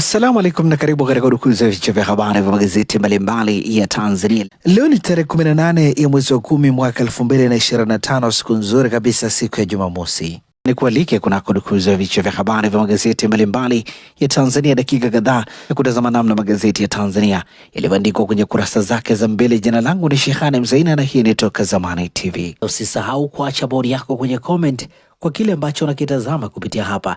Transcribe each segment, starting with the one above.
Assalamu alaikum na karibu katika udukuzi ya vichwa vya habari vya magazeti mbalimbali ya Tanzania. Leo ni tarehe 18 ya mwezi wa kumi mwaka 2025, siku nzuri kabisa, siku ya Jumamosi. Ni kualike kunako dukuzi ya vichwa vya habari vya magazeti mbalimbali ya Tanzania, dakika kadhaa ya kutazama namna magazeti ya Tanzania yalivyoandikwa kwenye kurasa zake za mbele. Jina langu ni Shehane Mzaina na hii ni Toka Zamani TV. Usisahau kuacha bodi yako kwenye comment kwa kile ambacho unakitazama kupitia hapa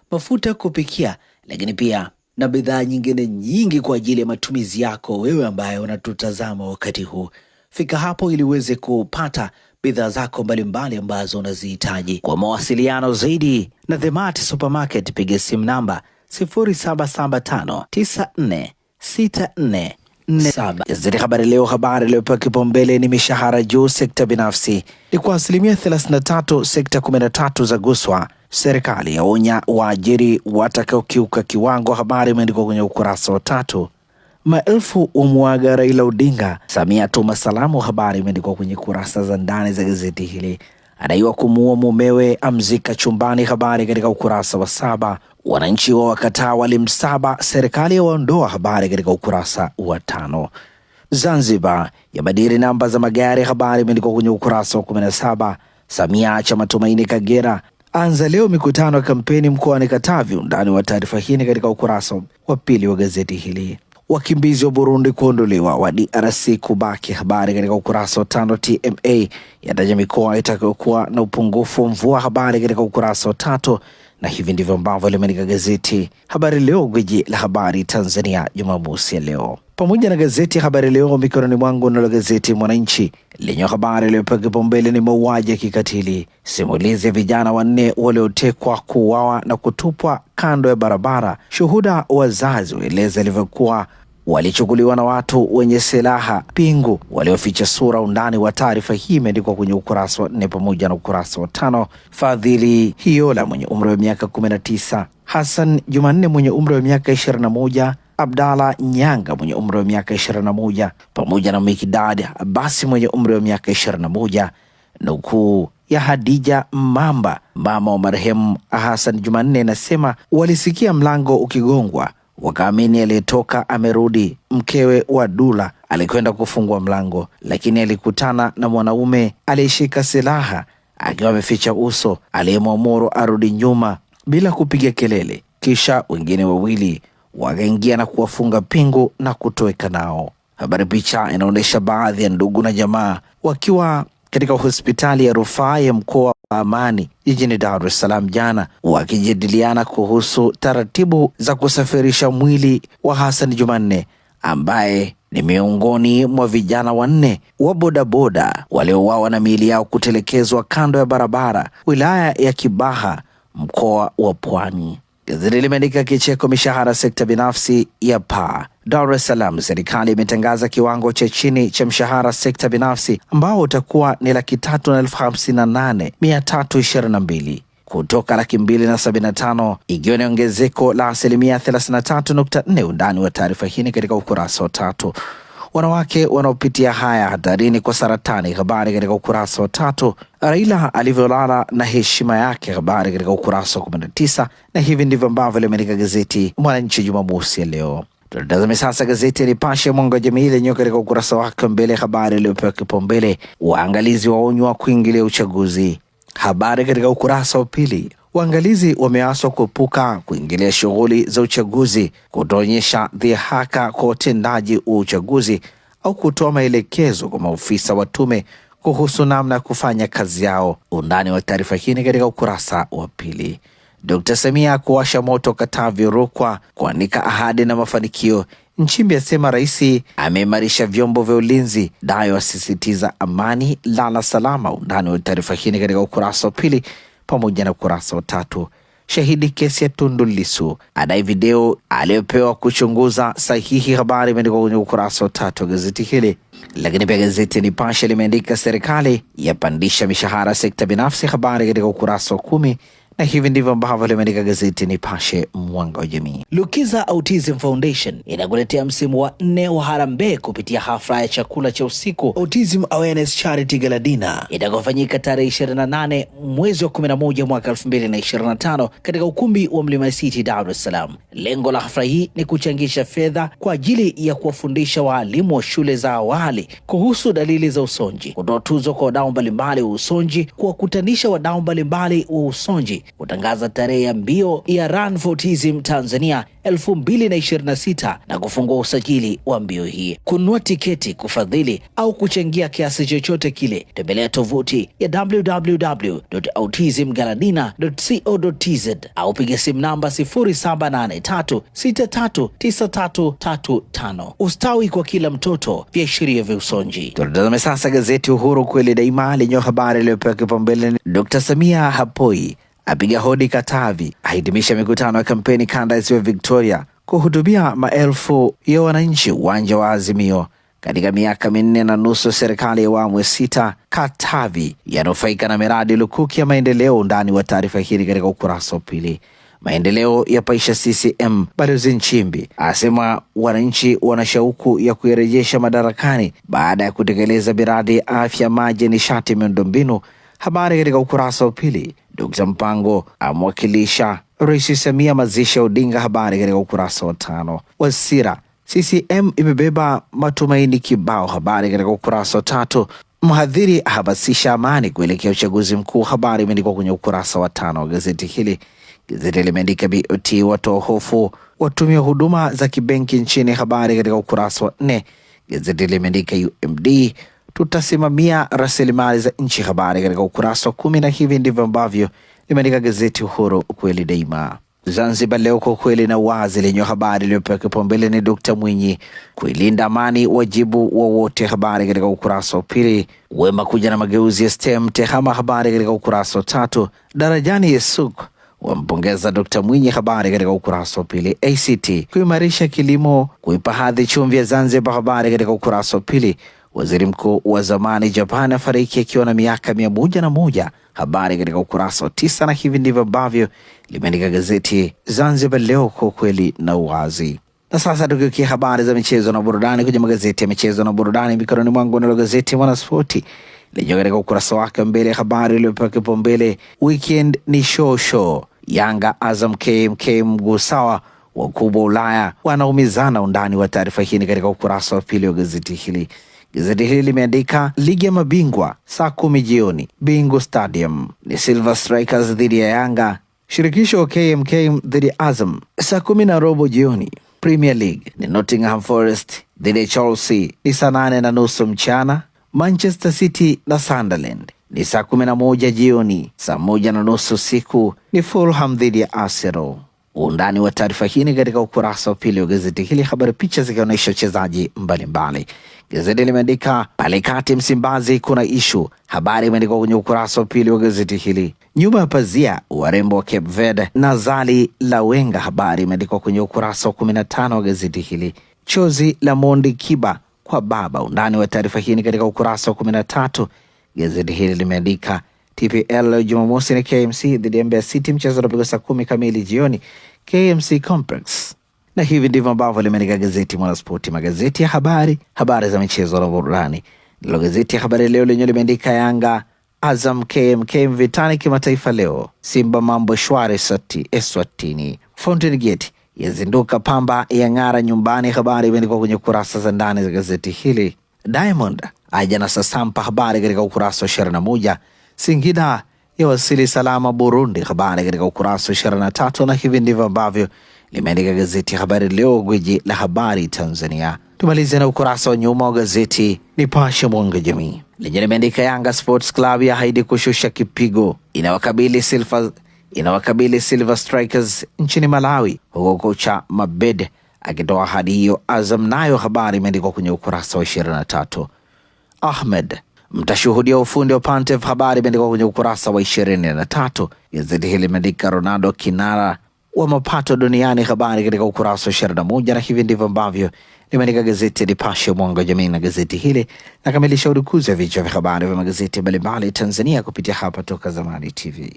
mafuta ya kupikia, lakini pia na bidhaa nyingine nyingi kwa ajili ya matumizi yako wewe ambaye unatutazama wakati huu. Fika hapo ili uweze kupata bidhaa zako mbalimbali ambazo unazihitaji. Kwa mawasiliano zaidi na The Mart Supermarket, piga simu namba 0775946447. Gazeti Habari Leo, habari iliyopewa kipaumbele ni mishahara juu sekta binafsi, ni kwa asilimia 33, sekta 13 za guswa serikali yaonya waajiri watakaokiuka kiwango. Habari imeandikwa kwenye ukurasa wa tatu. Maelfu mwaga Raila Odinga, Samia tuma salamu. Habari imeandikwa kwenye kurasa za ndani za gazeti hili. Adaiwa kumuua mumewe, amzika chumbani. Habari katika ukurasa wa saba. Wananchi wa wakataa walimu saba, serikali yawaondoa. Habari katika ukurasa wa tano. Zanzibar yabadili namba za magari. Habari imeandikwa kwenye ukurasa wa kumi na saba. Samia acha matumaini Kagera, anza leo mikutano ya kampeni mkoani Katavi. Undani wa taarifa hii ni katika ukurasa wa pili wa gazeti hili. Wakimbizi wa Burundi kuondolewa, wa DRC kubaki, habari katika ukurasa wa tano. TMA yataja mikoa itakayokuwa na upungufu wa mvua, habari katika ukurasa wa tatu na hivi ndivyo ambavyo limeandika gazeti Habari Leo, gwiji la habari Tanzania, Jumamosi ya leo pamoja na gazeti ya Habari Leo mikononi mwangu. Nalo gazeti Mwananchi lenye habari iliyopewa kipaumbele ni mauaji ya kikatili, simulizi ya vijana wanne waliotekwa, kuuawa na kutupwa kando ya barabara. Shuhuda wazazi waeleza ilivyokuwa walichukuliwa na watu wenye silaha pingu walioficha sura. Undani wa taarifa hii imeandikwa kwenye ukurasa wa nne pamoja na ukurasa wa tano. Fadhili Hiola mwenye umri wa miaka kumi na tisa, Hassan Jumanne mwenye umri wa miaka ishirini na moja Abdalla Nyanga mwenye umri wa miaka 21 pamoja na mikdad Abasi mwenye umri wa miaka 21, nukuu ya Hadija Mamba, mama wa marehemu Hassan Jumanne, inasema walisikia mlango ukigongwa wakaamini aliyetoka amerudi. Mkewe wa Dula alikwenda kufungua mlango, lakini alikutana na mwanaume aliyeshika silaha akiwa ameficha uso, aliyemwamuru arudi nyuma bila kupiga kelele. Kisha wengine wawili wakaingia na kuwafunga pingu na kutoweka nao. Habari picha inaonyesha baadhi ya ndugu na jamaa wakiwa katika hospitali ya rufaa ya mkoa wa Amani jijini Dar es Salaam jana, wakijadiliana kuhusu taratibu za kusafirisha mwili wa hasani Jumanne ambaye ni miongoni mwa vijana wanne wa bodaboda waliouawa na miili yao kutelekezwa kando ya barabara wilaya ya Kibaha mkoa wa Pwani. Gazeti limeandika kicheko mishahara sekta binafsi ya paa. Dar es Salaam, serikali imetangaza kiwango cha chini cha mshahara sekta binafsi ambao utakuwa ni laki tatu na elfu hamsini na nane mia tatu ishirini na mbili kutoka laki mbili na sabini na tano ikiwa ni ongezeko la asilimia 33.4. Undani wa taarifa hii ni katika ukurasa wa tatu wanawake wanaopitia haya hatarini kwa saratani. Habari katika ukurasa wa tatu. Raila alivyolala na heshima yake, habari katika ukurasa wa 19. Na hivi ndivyo ambavyo limeandika gazeti Mwananchi Jumamosi ya leo. tunatazame sasa gazeti ya Nipashe Mwanga wa Jamii lenyewe katika ukurasa wake mbele, habari iliyopewa kipaumbele, waangalizi waonywa kuingilia uchaguzi, habari katika ukurasa wa pili. Waangalizi wameaswa kuepuka kuingilia shughuli za uchaguzi, kutoonyesha dhihaka kwa utendaji wa uchaguzi au kutoa maelekezo kwa maofisa wa tume kuhusu namna ya kufanya kazi yao. Undani wa taarifa hii ni katika ukurasa wa pili. Dkt Samia kuwasha moto Katavi Rukwa, kuanika ahadi na mafanikio. Nchimbi asema rais ameimarisha vyombo vya ulinzi. Dayo asisitiza amani lala salama. Undani wa taarifa hii ni katika ukurasa wa pili pamoja na ukurasa wa tatu. Shahidi kesi ya Tundu Lissu adai video aliyopewa kuchunguza sahihi. Habari imeandikwa kwenye ukurasa wa tatu wa gazeti hili. Lakini pia gazeti Nipashe limeandika serikali yapandisha mishahara sekta binafsi, habari katika ukurasa wa kumi na hivi ndivyo ambavyo limeandika gazeti Nipashe mwanga wa jamii. Lukiza Autism Foundation inakuletea msimu wa nne wa harambee kupitia hafla ya chakula cha usiku Autism Awareness Charity galadina itakofanyika tarehe 28 mwezi wa 11 mwaka 2025 katika ukumbi wa Mlima City, Dar es Salaam. Lengo la hafla hii ni kuchangisha fedha kwa ajili ya kuwafundisha waalimu wa shule za awali kuhusu dalili za usonji, kutoa tuzo kwa wadau mbalimbali wa usonji, kuwakutanisha wadau mbalimbali wa usonji kutangaza tarehe ya mbio ya Run for Autism Tanzania 2026 na kufungua usajili wa mbio hii. Kununua tiketi, kufadhili au kuchangia kiasi chochote kile, tembelea tovuti ya www.autismgaladina.co.tz au piga simu namba 0783639335. Ustawi kwa kila mtoto, viashiria vya usonji. Tunatazame sasa gazeti Uhuru kweli daima lenye habari iliyopewa kipaumbele. Dr. Samia hapoi apiga hodi Katavi, ahitimisha mikutano ya kampeni kanda ya ziwa Victoria kuhutubia maelfu ya wananchi uwanja wa Azimio. Katika miaka minne na nusu serikali ya awamu ya sita, Katavi yanufaika na miradi lukuki ya maendeleo. Undani wa taarifa hili katika ukurasa wa pili. Maendeleo ya paisha CCM. Balozi Nchimbi asema wananchi wana shauku ya kuirejesha madarakani baada ya kutekeleza miradi ya afya, maji, nishati, miundombinu Habari katika ukurasa wa pili. Dr Mpango amwakilisha Rais Samia mazishi ya Odinga. Habari katika ukurasa wa tano. Wasira, CCM imebeba matumaini kibao. Habari katika ukurasa wa tatu. Mhadhiri ahamasisha amani kuelekea uchaguzi mkuu. Habari imeandikwa kwenye ukurasa wa tano wa gazeti hili. Gazeti limeandika BOT watoa hofu watumia huduma za kibenki nchini. Habari katika ukurasa wa nne. Gazeti limeandika UMD tutasimamia rasilimali za nchi. Habari katika ukurasa wa kumi, na hivi ndivyo ambavyo limeandika gazeti Uhuru, ukweli daima. Zanzibar Leo, kwa ukweli na wazi, lenye habari iliyopewa kipaumbele ni Dkt Mwinyi kuilinda amani, wajibu wa Habari katika ukurasa wa pili. Wema kuja na mageuzi ya STEM TEHAMA. Habari katika ukurasa wa tatu. Darajani Yesuk wampongeza Dkt Mwinyi. Habari katika ukurasa wa pili. ACT kuimarisha kilimo, kuipa hadhi chumvi ya Zanzibar. Habari katika ukurasa wa pili. Waziri mkuu wa zamani Japan afariki akiwa na miaka mia moja na moja. Habari katika ukurasa wa tisa, na hivi ndivyo ambavyo limeandika gazeti Zanzibar Leo, kwa ukweli na uwazi. Na sasa tukiukia habari za michezo na burudani kwenye magazeti ya michezo na burudani mikononi mwangu, nalo gazeti Mwanaspoti lenyewe katika ukurasa wake mbele ya habari iliyopewa kipaumbele weekend ni show show, Yanga Azam KMK mguu sawa wakubwa Ulaya wanaumizana. Undani wa taarifa hii katika ukurasa wa pili wa gazeti hili. Gazeti hili limeandika ligi ya mabingwa saa kumi jioni, Bingu Stadium ni Silver Strikers dhidi ya Yanga, shirikisho KMK dhidi ya Azam saa kumi na robo jioni. Premier League ni Nottingham Forest dhidi ya Chelsea ni saa nane na nusu mchana. Manchester City na Sunderland ni saa kumi na moja jioni. Saa moja na nusu usiku ni Fulham dhidi ya Arsenal. Undani wa taarifa hii ni katika ukurasa wa pili wa gazeti hili, habari picha zikionyesha wachezaji mbalimbali. Gazeti limeandika pale kati Msimbazi kuna ishu. Habari imeandikwa kwenye ukurasa wa pili wa gazeti hili. Nyuma ya pazia warembo wa Cape Verde na Zali la Wenga, habari imeandikwa kwenye ukurasa wa tano wa gazeti hili. Chozi la Mondi Kiba kwa baba, undani wa taarifa hii ni katika ukurasa wa tatu Gazeti hili limeandika TPL leo Jumamosi ni KMC dhidi ya Mbeya City, mchezo unapigwa saa kumi kamili jioni KMC Complex na hivi ndivyo ambavyo limeandika gazeti Mwanaspoti, magazeti ya habari, habari za michezo na burudani. Ndilo gazeti ya Habari Leo lenyewe limeandika Yanga Azam KMK mvitani kimataifa leo, Simba mambo shwari sati Eswatini, eh, Fountain Gate yazinduka, Pamba ya ng'ara nyumbani. Habari imeandikwa kwenye kurasa za ndani za gazeti hili. Diamond aja na sasampa, habari katika ukurasa wa ishirini na moja. Singida ya wasili salama Burundi, habari katika ukurasa wa ishirini na tatu. Na hivi ndivyo ambavyo limeandika gazeti Habari Leo, gwiji la habari Tanzania. Tumalize na ukurasa wa nyuma wa gazeti Nipashe Mwanga Jamii lenye limeandika Yanga Sports Club ya haidi kushusha kipigo inawakabili Silver, inawakabili Silver Strikers nchini Malawi, huko kocha Mabed akitoa ahadi hiyo Azam nayo habari imeandikwa kwenye ukurasa wa 23. Ahmed mtashuhudia ufundi wa Pantev habari imeandikwa kwenye ukurasa wa 23. Gazeti hili limeandika Ronaldo kinara wa mapato duniani. Habari katika ukurasa wa ishirini na moja, na hivi ndivyo ambavyo limeandika gazeti ya Nipashe mwanga wa jamii, na gazeti hili nakamilisha urukuzi wa vichwa vya habari vya magazeti mbalimbali Tanzania kupitia hapa Toka Zamani TV.